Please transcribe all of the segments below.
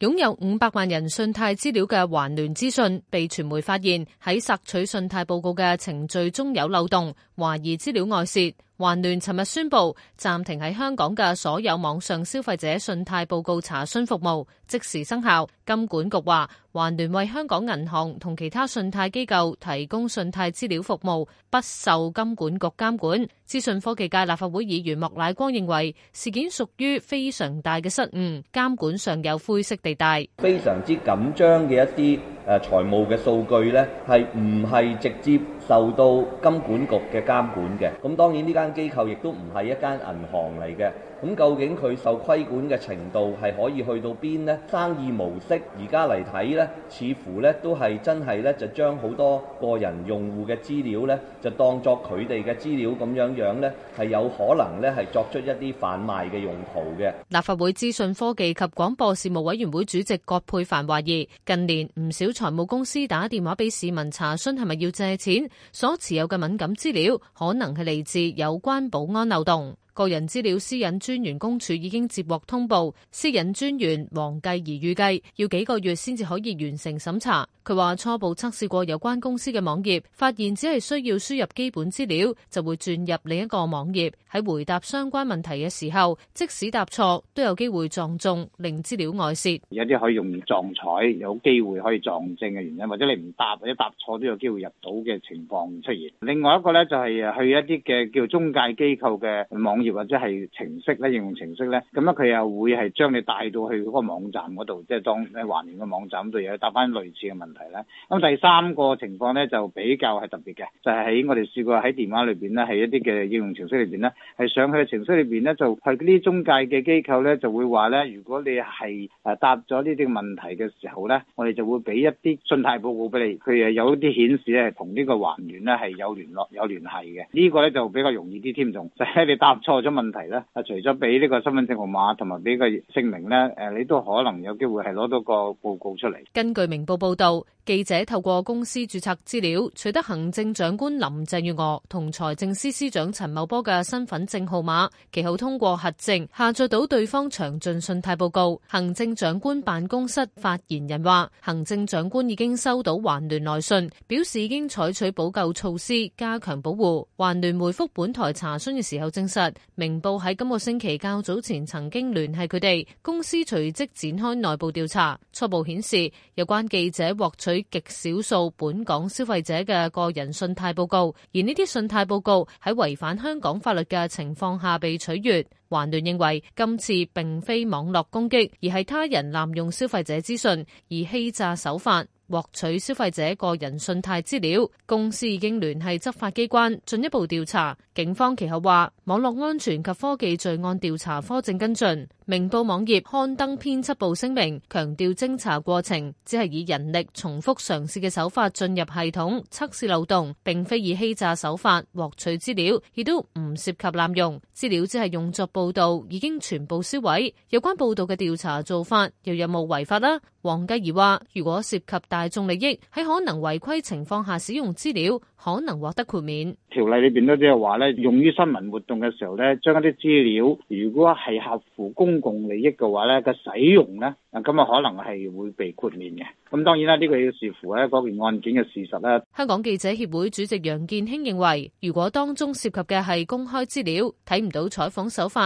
擁有五百萬人信貸資料嘅環聯資訊，被傳媒發現，喺索取信貸報告嘅程序中有漏洞，懷疑資料外洩。環聯尋日宣布暫停喺香港嘅所有網上消費者信貸報告查詢服務，即時生效。金管局話，環聯為香港銀行同其他信貸機構提供信貸資料服務，不受金管局監管。資訊科技界立法會議員莫乃光認為，事件屬於非常大嘅失誤，監管上有灰色地帶。非常之緊張嘅一啲誒財務嘅數據呢，係唔係直接？受到金管局嘅監管嘅，咁當然呢間機構亦都唔係一間銀行嚟嘅。咁究竟佢受規管嘅程度係可以去到邊咧？生意模式而家嚟睇咧，似乎咧都係真係咧就將好多個人用戶嘅資料咧，就當作佢哋嘅資料咁樣樣咧，係有可能咧係作出一啲販賣嘅用途嘅。立法會資訊科技及廣播事務委員會主席郭佩凡懷疑近年唔少財務公司打電話俾市民查詢，係咪要借錢。所持有嘅敏感資料，可能係嚟自有關保安漏洞。個人資料私隱專員公署已經接獲通報，私隱專員黃繼兒預計要幾個月先至可以完成審查。佢話初步測試過有關公司嘅網頁，發現只係需要輸入基本資料就會轉入另一個網頁。喺回答相關問題嘅時候，即使答錯都有機會撞中，令資料外洩。有啲可以用撞彩，有機會可以撞正嘅原因，或者你唔答或者答錯都有機會入到嘅情況出現。另外一個呢，就係去一啲嘅叫中介機構嘅網頁。或者係程式咧，應用程式咧，咁咧佢又會係將你帶到去嗰個網站嗰度，即、就、係、是、當喺環聯嘅網站咁度又答翻類似嘅問題咧。咁第三個情況咧就比較係特別嘅，就係、是、喺我哋試過喺電話裏邊咧，係一啲嘅應用程式裏邊咧，係上去嘅程式裏邊咧，就係啲中介嘅機構咧就會話咧，如果你係誒答咗呢啲問題嘅時候咧，我哋就會俾一啲信貸報告俾你，佢誒有啲顯示咧，同呢個環聯咧係有聯絡有聯繫嘅。呢、這個咧就比較容易啲添，仲即係你答錯。過咗問題咧，啊，除咗俾呢個身份證號碼同埋俾個姓名咧，誒，你都可能有機會係攞到個報告出嚟。根據明報報道。記者透過公司註冊資料取得行政長官林鄭月娥同財政司司長陳茂波嘅身份證號碼，其後通過核證下載到對方詳盡信貸報告。行政長官辦公室發言人話，行政長官已經收到環聯來信，表示已經採取補救措施，加強保護。環聯回覆本台查詢嘅時候證實，明報喺今個星期較早前曾經聯繫佢哋，公司隨即展開內部調查，初步顯示有關記者獲取。極少數本港消費者嘅個人信貸報告，而呢啲信貸報告喺違反香港法律嘅情況下被取閱。環聯認為今次並非網絡攻擊，而係他人濫用消費者資訊以欺詐手法獲取消費者個人信貸資料。公司已經聯繫執法機關進一步調查。警方其後話網絡安全及科技罪案調查科正跟進。明報網頁刊登編輯部聲明，強調偵查過程只係以人力重複嘗試嘅手法進入系統測試漏洞，並非以欺詐手法獲取資料，亦都唔涉及濫用資料，只係用作。報道已經全部銷毀，有關報道嘅調查做法又有冇違法啦？黃繼儀話：如果涉及大眾利益，喺可能違規情況下使用資料，可能獲得豁免。條例裏邊都即係話咧，用於新聞活動嘅時候呢，將一啲資料，如果係合乎公共利益嘅話咧，嘅使用呢，咁啊可能係會被豁免嘅。咁當然啦，呢個要視乎嗰件案件嘅事實啦。香港記者協會主席楊健興認為，如果當中涉及嘅係公開資料，睇唔到採訪手法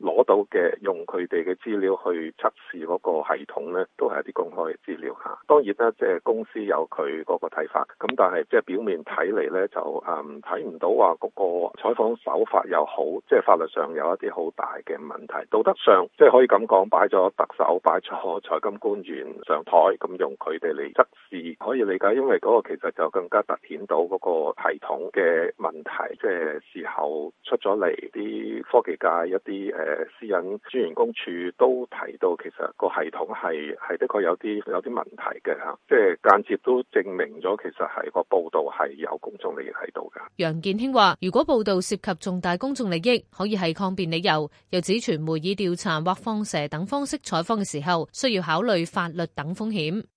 攞到嘅用佢哋嘅資料去測試嗰個系統呢，都係一啲公開嘅資料下，當然啦，即係公司有佢嗰個睇法。咁但係即係表面睇嚟呢，就嗯睇唔到話嗰個採訪手法又好，即係法律上有一啲好大嘅問題。道德上即係可以咁講，擺咗特首、擺咗財金官員上台，咁用佢哋嚟測試，可以理解。因為嗰個其實就更加凸顯到嗰個系統嘅問題。即係事後出咗嚟，啲科技界一啲誒私隱專員公署都提到，其實個系統係係的確有啲有啲問題嘅嚇，即係間接都證明咗其實係個報道係有公眾利益喺度嘅。楊健興話，如果報道涉及重大公眾利益，可以係抗辯理由。又指傳媒以調查或放蛇等方式採訪嘅時候，需要考慮法律等風險。